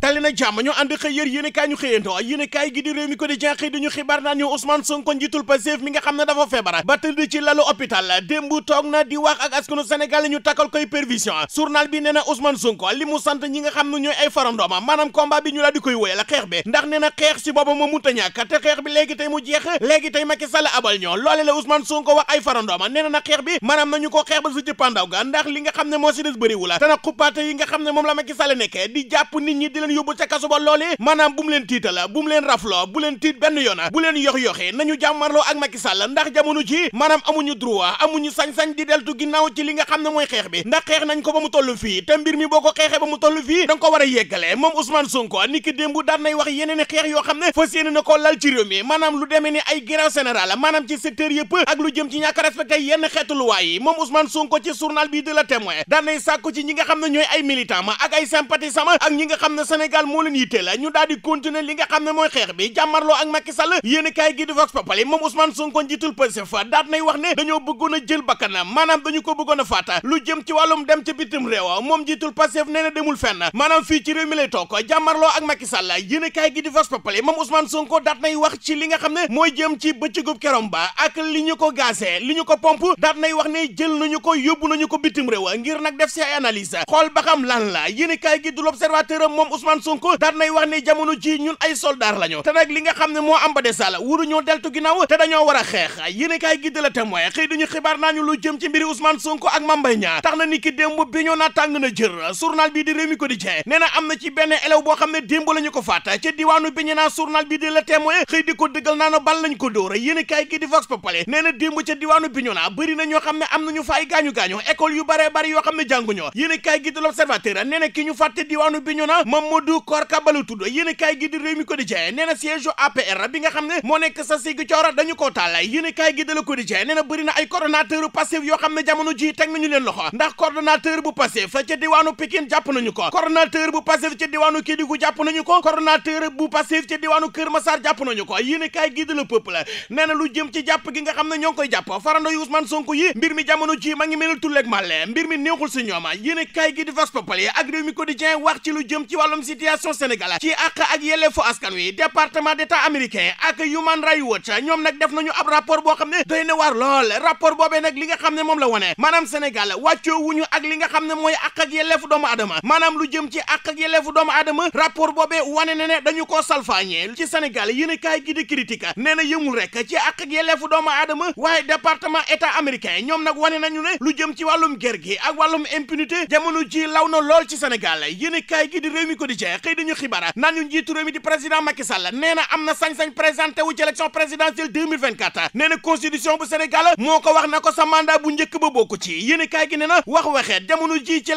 tali jàmm ñoo ànd xëy yër ñu xëyantoo yéenekaay gi di réew mi di jen xëy di ñu xibaar naan ñu Ousmane Sonko njiitul Pastef mi nga xam ne dafa feebar ba tëdd ci lalu na di wax ak askanu Sénégal ñu takkal koy pervision journal bi nee na mu sant ñi nga xam ne ñooy ay farandooma maanaam combat bi ñu laa di koy wéyal xeex bi ndax nee na xeex si booba te xeex bi léegi tey mu jeex léegi tey Macky Sall abal ñoo loole la Ousmane Sonko wax ay farandooma nee na xeex bi maanaam nañu ko xeex ba su jëppandaw ga ndax li nga xam ne moo si des bëriwu ne moom la leen yóbbu ca kaso ba loole maanaam bu mu leen tiitala bu mu leen rafloo bu leen tiit benn yoona bu leen yox-yoxee nañu jàmmarloo ak Macky Sall ndax jamono ji maanaam amuñu droit amuñu sañ-sañ di deltu ginnaaw ci li nga xam ne mooy xeex bi ndax xeex nañ ko ba mu toll fii te mbir mi boo ko xeexee ba mu toll fii da nga ko war a yeggale moom Ousmane Sonko niki démb daan wax yeneen xeex yoo xam ne fas yéene na ko lal ci réew mi maanaam lu demee ni ay grève générale maanaam ci secteur a Sénégal moo leen yitteel ñu daal di li nga xam ne mooy xeex bi jàmmarloo ak Macky Sall yéen kaay gi di Vox Populi moom Ousmane Sonko a ko a daat nay wax ci li nga xam ne mooy jëm ci bëccëgub kerom ba ak li ñu ko gaasee li ñu ko pompe daat nay wax ne jël nañu ko yóbbu nañu ko bitim réew ngir nag def ci ay xool ba xam lan la yéen kaay gi du l'Observateur moom Ousmane Ousmane Sonko daat nay wax ni jamono ji ñun ay li nga xam ne moo am ba de sala wuru ñoo a xeex yéen kaay gi de la témoin xëy duñu xibaar na ni ki démb bi ñoo naa tàng na di Rewmi Quotidien am na ci benn élève boo xam ne démb la ko faat ca diwaanu bi ñu naa journal bi di la témoin xëy na ñoo xam ne am nañu fa ay gaañu-gaañu école yu bare bari yoo xam ne jànguñoo yéen kaay gi di L'Observateur nee ki ñu fàtte diwaanu bi ñu naa moom Modou Kor Kabalu tudd yéen kaay gi di réew mi quotidien nee na siège APR bi nga xam ne moo nekk sa sigi coora dañu koo taal yéen kaay gi de la quotidien nee na bëri na ay coordonnateur passif yoo xam ne jamono ji teg nañu leen loxo ndax coordonnateur bu passif bu passif ca diwaanu Kër Massar jàpp nañu ko yéen kaay gi de la peuple nee na lu jëm ci jàpp gi nga xam ne ñoo koy jàpp farando yu Ousmane yi mbir mi jamono ji ma ngi melul tulleeg màlle mbir mi neexul situation Sénégal ci àq ak yelleefu askan wi département d'état américain ak Human Rights Watch ñoom nag def nañu ab rapport boo xam ne doy na waar lool rapport boobee nag li nga xam ne moom la wane wone maanaam Sénégal wàccoo wuñu ak li nga xam ne mooy àq ak yelleefu doomu adama maanaam lu jëm ci àq ak yelleefu doomu aadama rapport boobee wane na ne dañu koo salfaañee ci Sénégal yéen a kaay di critique nee na yëmul rek ci àq ak yelleefu doomu aadama waaye département état américain ñoom nag wane nañu ne lu jëm ci wàllum ger gi ak wàllum impunité jamono ji law na lool ci Sénégal yéen a kaay gi di réew mi quotidien xëy dañu xibaar naan ñu njiitu réew mi di président Macky Sall nee am na sañ-sañ présenté wu ci élection présidentielle 2024 nee bu Sénégal moo ko wax na ko sa bu njëkk ba bokku ci yéen kaay gi nee wax waxeet jamono ji ci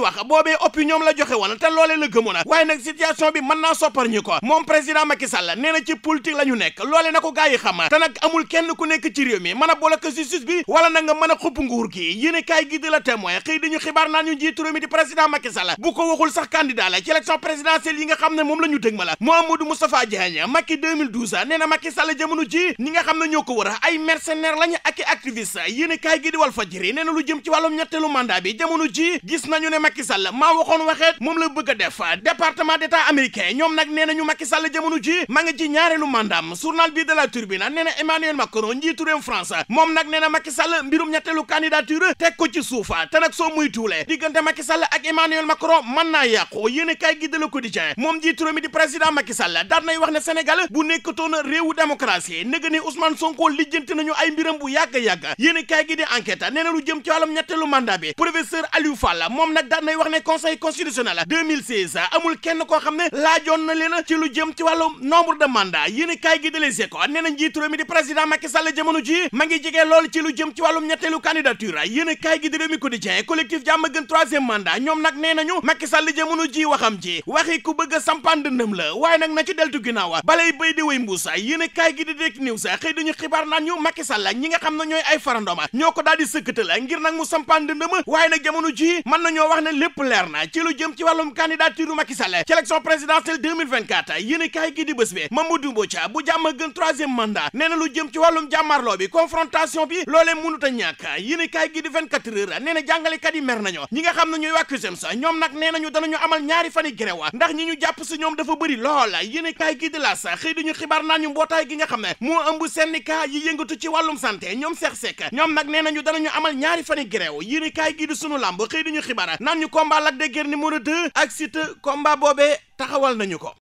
wax boobee opinion la joxe woon te loolee la gëmoon waaye nag situation bi mën naa soppar ñu ko moom président Macky Sall nee ci politique la nekk loolee na ko gars yi xam te nag amul kenn ku nekk naan ñu njiitu réew mi di président Macky Sall bu ko sax candidat la ci élection yi nga xam ne moom la ñu dëg ma la Mouhamadou Moustapha Diagne Macky 2012 nee na Macky Sall jamono ji ñi nga xam ne ñoo ko war a ay mercenaire lañu ak i activiste yéen i kaay gi di Walf Fadjri ci wàllum ñetteelu mandat bi jamono ji gis nañu ne Macky Sall maa waxoon waxeet moom la bëgg a def département d'état américain ñoom nag nee nañu Macky Sall jamono ji ma nga ci ne diggante Macky Sall ak Emmanuel Macron mën naa yàqu yéen a kaay gi de Le Quotidien moom jiitu réew mi di président Macky Sall daan nay wax ne Sénégal bu nekkatoon réewu démocratie nëga ni Ousmane Sonko lijjanti nañu ay mbiram bu yàgg-yàgg yéen a kaay gi di enquête nee na lu jëm ci wàllum ñetteelu mandat bi professeur Aliou Fall moom na daan nay wax ne conseil constitutionnel 2016 amul kenn ko xam ne laajoon na leen ci lu jëm ci wàllum nombre de mandat yéen a kaay gi de Les Échos nee na njiitu réew mi di ngi jege lool ci lu jëm ci ñetteelu candidature yéen a kaay gi di bëgg troisième mandat ñoom nag nee nañu Macky Sall jamono ji waxam ji waxi ku bëgg a sampan dëndëm la waaye nag na ci deltu ginnaawa balay béy di way mbuusa yéen kaay gi di Direct News xëy dañu xibaar naan ñu Macky Sall ñi nga ñoo ko daal di sëkkatal ngir nag mu sampan dëndëm waaye nag jamono ji mën nañoo wax ne lépp leer na ci lu jëm ci wàllum candidature Macky Sall ci élection présidentielle 2024 yéen kaay gi di bés bi Mamadou Mbotia bu jàmm gën troisième mandat nee na lu jëm ci wàllum jàmmarloo bi confrontation bi nañu ñi nga xam na ñooy waa CUSEMS ñoom nag nee nañu danañu amal ñaari fani grève ndax ñi ñu jàpp si ñoom dafa bëri lool yéene kaay gi di laas xëy diñu xibaar naa ñu mbootaay gi nga xam ne moo ëmb syndicat yi yëngatu ci wàllum santé ñoom seex sekk ñoom nag nee nañu danañu amal ñaari fani grève yéene kaay gi di sunu làmb xëy ñu xibaar naan ñu combat Lac de Guiers numéro 2 ak Siteu combat boobee taxawal nañu ko